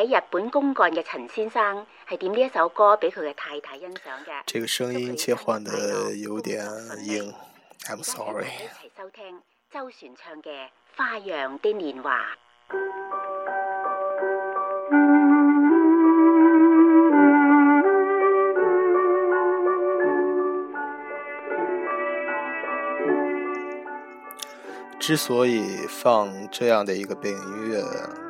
喺日本公幹嘅陳先生係點呢一首歌俾佢嘅太太欣賞嘅。這個聲音切換的有點硬，I'm sorry。跟住同我一齊收聽周璇唱嘅《花樣嘅年華》。之所以放這樣的一個背景音樂。